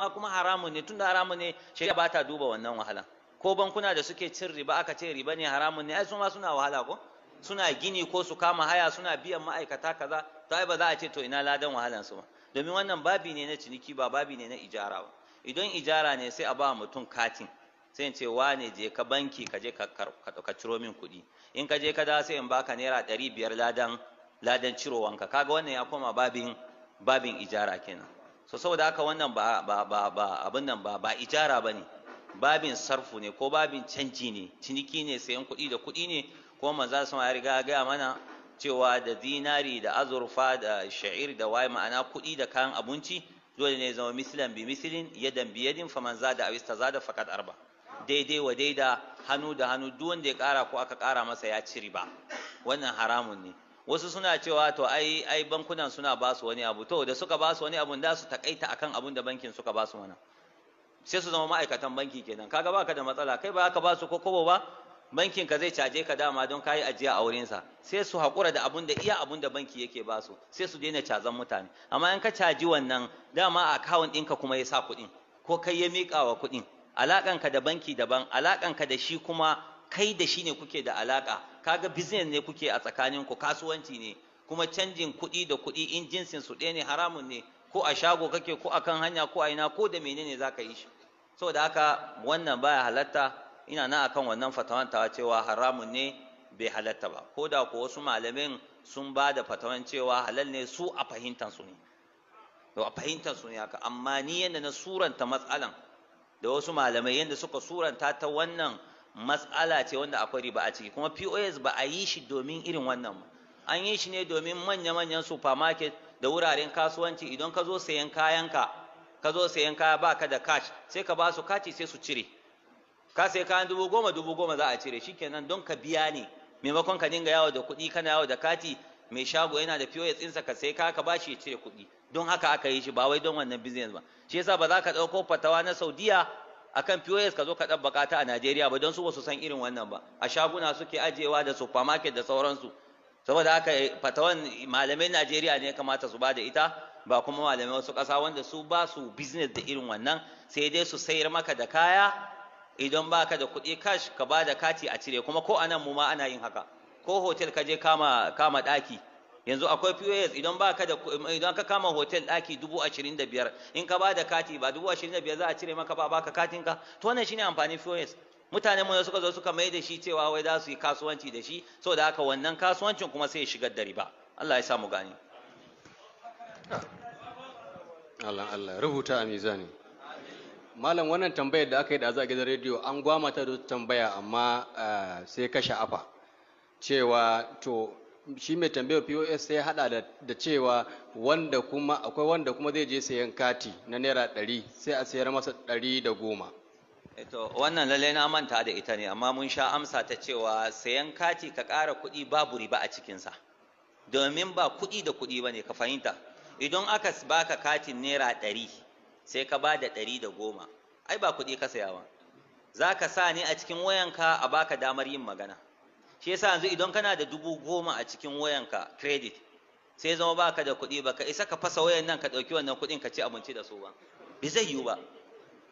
a kuma haramun ne tunda haramun ne shari'a ba ta duba wannan wahala ko bankuna da suke cin riba aka ce riba ne haramun ne ai su ma suna wahala ko suna gini ko su kama haya suna biyan ma'aikata kaza to ai ba za a ce to ina ladan wahalan su ba domin wannan babi ne na ciniki ba babi ne na ijara ba idan ijara ne sai a ba mutum katin sai in ce wane je ka banki ka je ka ciro min kuɗi in ka je ka da sai in baka naira ɗari biyar ladan ladan cirowanka kaga wannan ya koma babin babin ijara kenan so saboda haka wannan ba ba ba ba abin nan ba ba ijara bane babin sarfu ne ko babin canji ne ciniki ne sayan kuɗi da kuɗi ne ko manzo su ya riga ga mana cewa da dinari da azurfa da sha'ir da waye ma'ana kuɗi da kayan abinci dole ne zama mislan bi mislin yadan bi yadin da zada aw istazada fakat arba daidai wa daida hannu da hannu duk wanda ya kara ko aka kara masa ya ci riba wannan haramun ne wasu suna cewa to ai ai bankunan suna ba su wani abu to da suka ba su wani abu da su takaita akan abun da bankin suka ba su sai su zama ma'aikatan banki kenan kaga baka da matsala kai ba ka ba su kobo ba bankin ka zai caje ka dama don kayi ajiya a wurinsa sai su hakura da abun da iya abun da banki yake ba su sai su daina cazan mutane amma in ka caji wannan dama account akawun ɗinka kuma ya sa kuɗi, ko kai ya miƙa wa kuɗin alaƙanka da banki daban alaƙanka da shi kuma kai da shi ne kuke da alaka kaga business ne kuke a tsakanin ku kasuwanci ne kuma canjin kuɗi da kuɗi in jinsin su ɗaya ne haramun ne ko a shago kake ko akan hanya ko a ina ko da menene za ka yi shi saboda haka wannan baya halatta ina na akan wannan fatawan ta cewa haramun ne bai halatta ba ko da ko wasu malamin sun ba da fatawan cewa halal ne su a fahimtar su ne to a fahimtar su ne haka amma ni yanda na suranta matsalan da wasu malamai yanda suka suranta ta wannan matsala ce wanda akwai riba a ciki kuma pos ba a yi shi domin irin wannan ba an yi shi ne domin manya-manyan supermarket da wuraren kasuwanci idan ka zo sayan kayanka ka zo sayan kaya ba ka da cash sai ka ba su kati sai su cire ka sai kayan dubu goma dubu goma za a cire shi kenan don ka biya ne maimakon ka dinga yawo da kuɗi kana yawo da kati mai shago yana da POS ɗinsa ka sai ka ba shi ya cire kuɗi don haka aka yi shi ba wai don wannan business ba shi yasa ba za ka ɗauko fatawa na Saudiya akan POS ka zo ka ɗabbaka ta a Najeriya ba don su ba su san irin wannan ba a shaguna suke ajewa da supermarket da sauransu saboda haka eh, fatawan malamai Najeriya ne kamata su ba da ita ba kuma malamai wasu ƙasa wanda su ba su business da irin wannan sai dai su sayar maka da kaya idan baka da kuɗi cash ka bada kati a cire kuma ko anan mu ma ana yin haka ko hotel ka je kama kama ɗaki yanzu akwai POS idan ba ka da eh, idan ka kama hotel ɗaki dubu ashirin da biyar in ka ba da kati ba dubu ashirin da biyar za a cire maka ba baka katin ka to wannan shine amfanin POS mutane mu suka zo suka mai da shi cewa wai za su yi kasuwanci da shi saboda haka wannan kasuwancin kuma sai ya shigar da riba Allah ya sa mu gani Allah Allah rubuta a mizani malam wannan tambayar da aka yi da za a gidan rediyo an gwamata da tambaya amma eh, sai kashe afa cewa to shi mai tambayar POS sai hada da, cewa wanda kuma akwai wanda kuma zai je sayan kati na naira ɗari sai a sayar masa ɗari da goma. Eto, eh wannan lalle na manta da ita ne amma mun sha amsa ta cewa sayan kati ka ƙara kuɗi babu riba a cikinsa domin ba kuɗi da kuɗi ba ne ka fahimta idan aka baka katin naira ɗari sai ka ba da ɗari da goma ai ba kuɗi ka saya ba za ka sa ni a cikin wayanka a baka damar yin magana shi yasa yanzu idan kana da dubu goma a cikin wayanka credit sai zama baka da kuɗi baka isa ka fasa wayan nan ka ɗauki wannan kuɗin ka ci abinci da su ba bi zai yiwu ba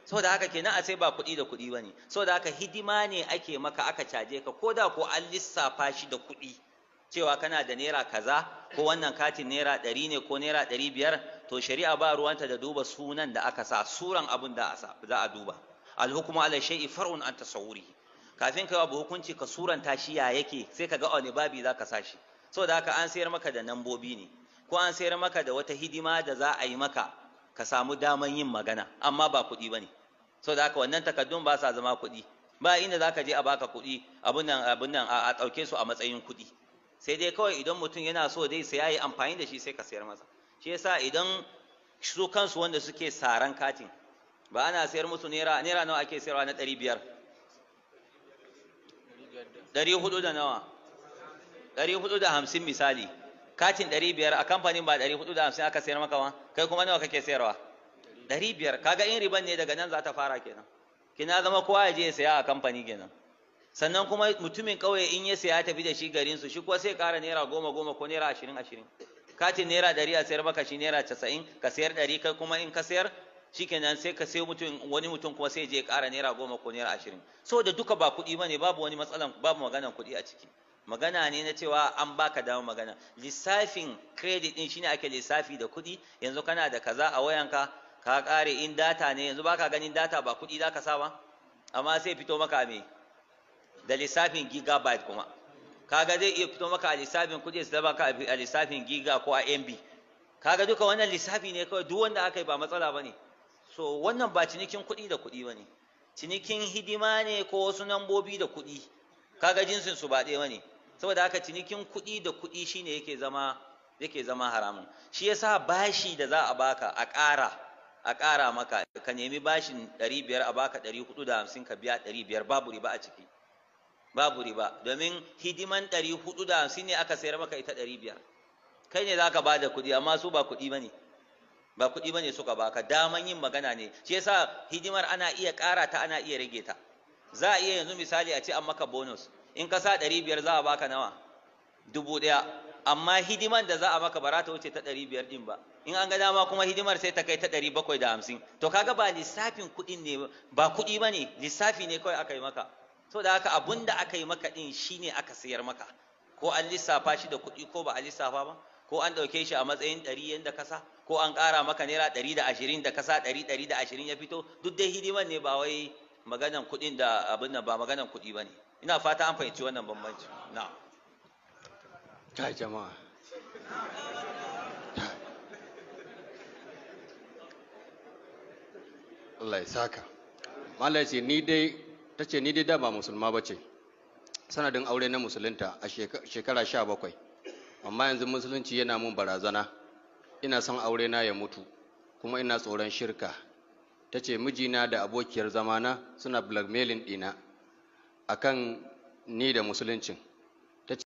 saboda haka kenan a sai ba kuɗi da kuɗi bane saboda haka hidima ne ake maka aka caje ka ko da ko an lissafa shi da kuɗi cewa kana da naira kaza ko wannan katin naira ɗari ne ko naira ɗari biyar to shari'a ba ruwanta da duba sunan da aka sa suran abin da za a duba alhukuma ala shay'i far'un an tasawurihi kafin ka yi abu hukunci ka suranta shi ya yake sai ka ga wani babi za ka sa shi da haka an sayar maka da nambobi ne ko an sayar maka da wata hidima da za a yi maka ka samu daman yin magana amma ba kuɗi ba ne da haka wannan takaddun ba sa zama kuɗi ba inda za ka je a baka kuɗi abun nan abun nan a ɗauke su a matsayin kuɗi sai dai kawai idan mutum yana so dai sai ya yi amfani da shi sai ka sayar masa shi yasa idan su kansu wanda suke saran katin ba ana sayar musu naira naira nawa ake sayarwa na ɗari biyar ɗari hudu da nawa hudu da hamsin misali katin ɗari biyar a kamfanin ba ɗari hudu da hamsin aka sayar maka wa kai kuma nawa kake sayarwa ɗari biyar kaga in riban ne daga nan za ta fara kenan kina zama kowa ya je ya saya a kamfani kenan sannan kuma mutumin kauye in ya saya tafi da shi garin su shi kuwa sai ƙara naira goma goma ko naira ashirin ashirin katin naira ɗari a sayar maka shi naira casa'in ka sayar ɗari kai kuma in ka sayar shikenan sai ka sai mutum wani mutum kuma sai je ƙara naira goma ko naira ashirin saboda duka ba kuɗi ne babu wani matsalan babu maganan kuɗi a ciki magana ne na cewa an baka dama magana lissafin credit din shine ake lissafi da kuɗi yanzu kana da kaza a wayanka ka ƙare in data ne yanzu baka ganin data ba kuɗi zaka sa ba amma sai fito maka me da lissafin gigabyte kuma kaga zai iya fito maka a lissafin kuɗi su baka a lissafin giga ko a mb kaga duka wannan lissafi ne kawai duk wanda aka yi ba matsala ba ne so wannan ba cinikin kuɗi da kuɗi ba ne cinikin hidima ne ko wasu nambobi da kuɗi kaga jinsin su ba ɗaya ne saboda haka cinikin kuɗi da kuɗi ne yake zama yake zama haramun shi yasa bashi da za a baka a ƙara a ƙara maka ka nemi bashin ɗari biyar a baka ɗari hudu da hamsin ka biya ɗari biyar babu riba a ciki babu riba domin hidiman ɗari hudu da hamsin ne aka sayar maka ita ɗari biyar kai ne za ka ba da kuɗi amma su ba kuɗi ba ne ba kuɗi bane suka baka daman yin magana ne shi yasa hidimar ana iya ƙara ta ana iya rage ta za a iya yanzu misali a ce an maka bonus in ka sa ɗari biyar za a baka nawa dubu ɗaya amma hidiman da za a maka ba za ta wuce ta ɗari biyar ɗin ba in an ga dama kuma hidimar sai ta kai ta ɗari bakwai da hamsin to kaga ba lissafin kuɗin ne ba kuɗi ba lissafi ne kawai aka yi maka so da haka abun da aka yi maka ɗin shine aka sayar maka ko an lissafa shi da kuɗi ko ba a lissafa ba ko an ɗauke shi a matsayin ɗari yadda ka sa ko an ƙara maka naira ɗari da ashirin da kasa ɗari ɗari da ashirin ya fito duk dai hidiman ne ba wai maganan kuɗin da abin nan ba maganan kuɗi ba ne ina fata an fahimci wannan bambanci na ta jama'a Allah ya saka Malai ce ni dai ta ce ni dai da ba musulma ba ce sanadin aure na musulunta a shekara sha bakwai amma yanzu musulunci yana mun barazana ina son aure na ya mutu kuma ina tsoron shirka ta ce mijina da abokiyar zamana suna blackmailing ɗina akan ni da musuluncin